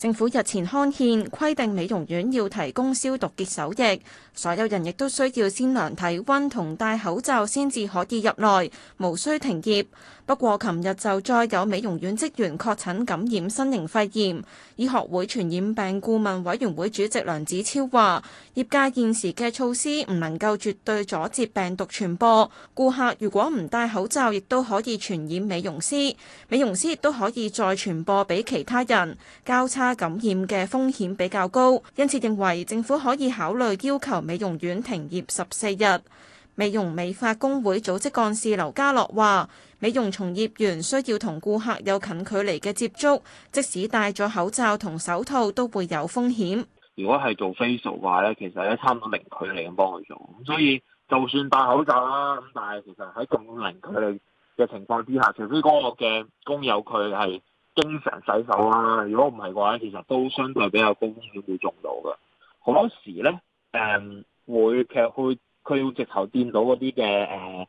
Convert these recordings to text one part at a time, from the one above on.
政府日前刊憲規定美容院要提供消毒潔手液，所有人亦都需要先量體温同戴口罩先至可以入內，無需停業。不過，琴日就再有美容院職員確診感染新型肺炎。醫學會傳染病顧問委員會主席梁子超話：業界現時嘅措施唔能夠絕對阻止病毒傳播，顧客如果唔戴口罩，亦都可以傳染美容師，美容師亦都可以再傳播俾其他人。交叉。感染嘅風險比較高，因此認為政府可以考慮要求美容院停業十四日。美容美髮工會組織幹事劉家樂話，美容從業員需要同顧客有近距離嘅接觸，即使戴咗口罩同手套都會有風險。如果係做 facial 嘅話咧，其實咧差唔多零距離咁幫佢做，咁所以就算戴口罩啦，咁但係其實喺咁零距離嘅情況之下，除非嗰個嘅工友佢係。經常洗手啦、啊，如果唔係嘅話，其實都相對比較高風險會中到嘅。好多時咧，誒、嗯，會其實佢會直頭掂到嗰啲嘅誒，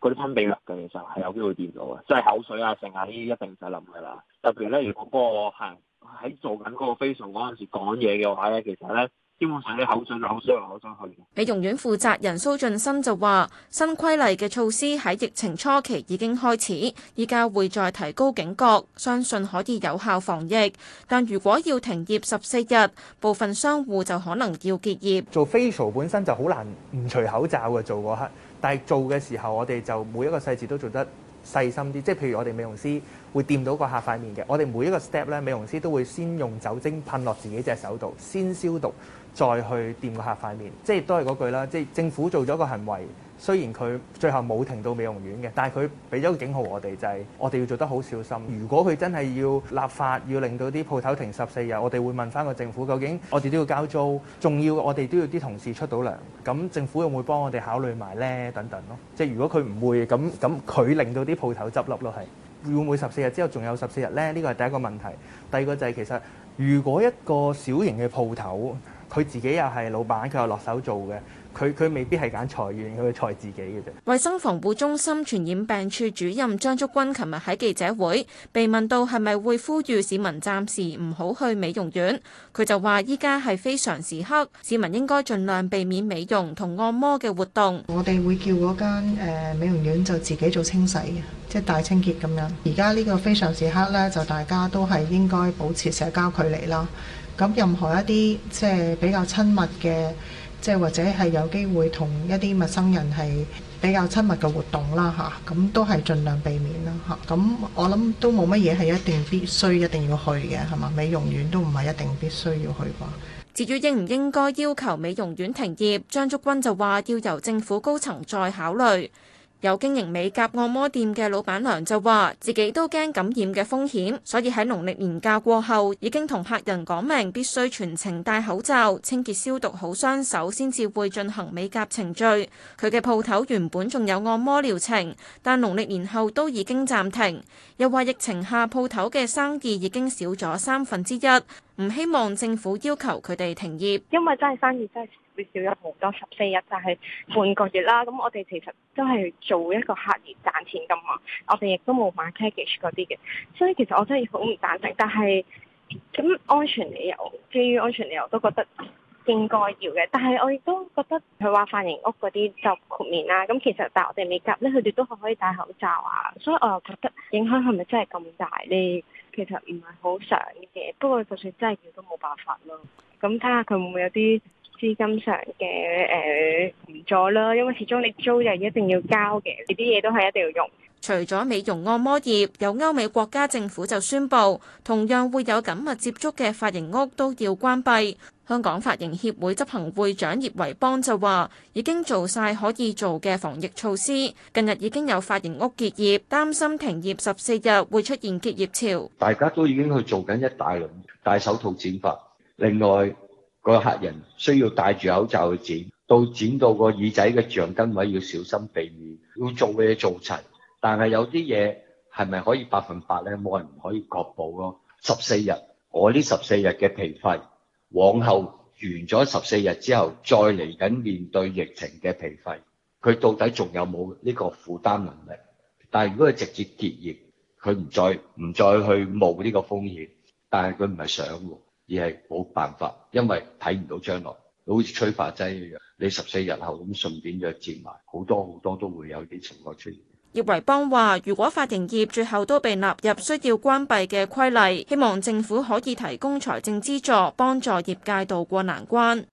嗰啲分泌物嘅，其實係、呃、有機會掂到嘅，即、就、係、是、口水啊，成啊呢啲一定唔使諗噶啦。特別咧，如果嗰、那個係喺做緊嗰個 facial 嗰陣時講嘢嘅話咧，其實咧。基本上啲口水、口水、口水、口水、口水。美容院負責人蘇俊生就話新規例嘅措施喺疫情初期已經開始，依家會再提高警覺，相信可以有效防疫。但如果要停業十四日，部分商戶就可能要結業。做 facial 本身就好難唔除口罩嘅，做嗰刻，但係做嘅時候，我哋就每一個細節都做得細心啲。即係譬如我哋美容師會掂到個客塊面嘅，我哋每一個 step 咧，美容師都會先用酒精噴落自己隻手度，先消毒。再去掂個客塊面，即係都係嗰句啦。即係政府做咗一個行為，雖然佢最後冇停到美容院嘅，但係佢俾咗個警號我哋，就係、是、我哋要做得好小心。如果佢真係要立法，要令到啲鋪頭停十四日，我哋會問翻個政府，究竟我哋都要交租，仲要我哋都要啲同事出到糧，咁政府會唔會幫我哋考慮埋呢？等等咯，即係如果佢唔會咁咁，佢令到啲鋪頭執笠咯，係會唔會十四日之後仲有十四日呢？呢、這個係第一個問題。第二個就係、是、其實如果一個小型嘅鋪頭。佢自己又係老闆，佢又落手做嘅，佢佢未必係揀裁裁員，佢去裁自己嘅啫。衞生防護中心傳染病處主任張竹君琴日喺記者會被問到係咪會呼籲市民暫時唔好去美容院，佢就話：依家係非常時刻，市民應該盡量避免美容同按摩嘅活動。我哋會叫嗰間美容院就自己做清洗嘅，即係大清潔咁樣。而家呢個非常時刻呢，就大家都係應該保持社交距離啦。咁任何一啲即係比較親密嘅，即係或者係有機會同一啲陌生人係比較親密嘅活動啦吓，咁都係盡量避免啦吓，咁、嗯、我諗都冇乜嘢係一定必須一定要去嘅係嘛？美容院都唔係一定必須要去啩。至於應唔應該要求美容院停業，張竹君就話要由政府高層再考慮。有經營美甲按摩店嘅老闆娘就話：自己都驚感染嘅風險，所以喺農曆年假過後，已經同客人講明必須全程戴口罩、清潔消毒好雙手先至會進行美甲程序。佢嘅鋪頭原本仲有按摩療程，但農曆年後都已經暫停。又話疫情下鋪頭嘅生意已經少咗三分之一，唔希望政府要求佢哋停業，因為真係生意真係少咗好多十四日，但係半個月啦。咁我哋其實都係做一個客業賺錢嘅嘛，我哋亦都冇買 package 嗰啲嘅，所以其實我真係好唔贊成。但係咁安全理由，基於安全理由，都覺得應該要嘅。但係我亦都覺得佢話髮型屋嗰啲就豁免啦。咁其實但係我哋未夾咧，佢哋都可唔可以戴口罩啊。所以我又覺得影響係咪真係咁大呢？其實唔係好想嘅。不過就算真係要，都冇辦法咯。咁睇下佢會唔會有啲。資金上嘅誒援助啦，因為始終你租就一定要交嘅，呢啲嘢都係一定要用。除咗美容按摩業，有歐美國家政府就宣布，同樣會有緊密接觸嘅髮型屋都要關閉。香港髮型協會執行會長葉維邦就話：已經做晒可以做嘅防疫措施，近日已經有髮型屋結業，擔心停業十四日會出現結業潮。大家都已經去做緊一大輪戴手套剪髮，另外。個客人需要戴住口罩去剪，到剪到個耳仔嘅橡筋位要小心避免，要做嘅嘢做齊，但係有啲嘢係咪可以百分百呢？冇人可以確保咯。十四日，我呢十四日嘅疲憊，往後完咗十四日之後，再嚟緊面對疫情嘅疲憊，佢到底仲有冇呢個負擔能力？但係如果係直接結業，佢唔再唔再去冒呢個風險，但係佢唔係想㗎。而係冇辦法，因為睇唔到將來，好似催化劑一樣。你十四日後咁順便就摺埋，好多好多都會有啲情況出現。葉維邦話，如果髮型業最後都被納入需要關閉嘅規例，希望政府可以提供財政資助，幫助業界渡過難關。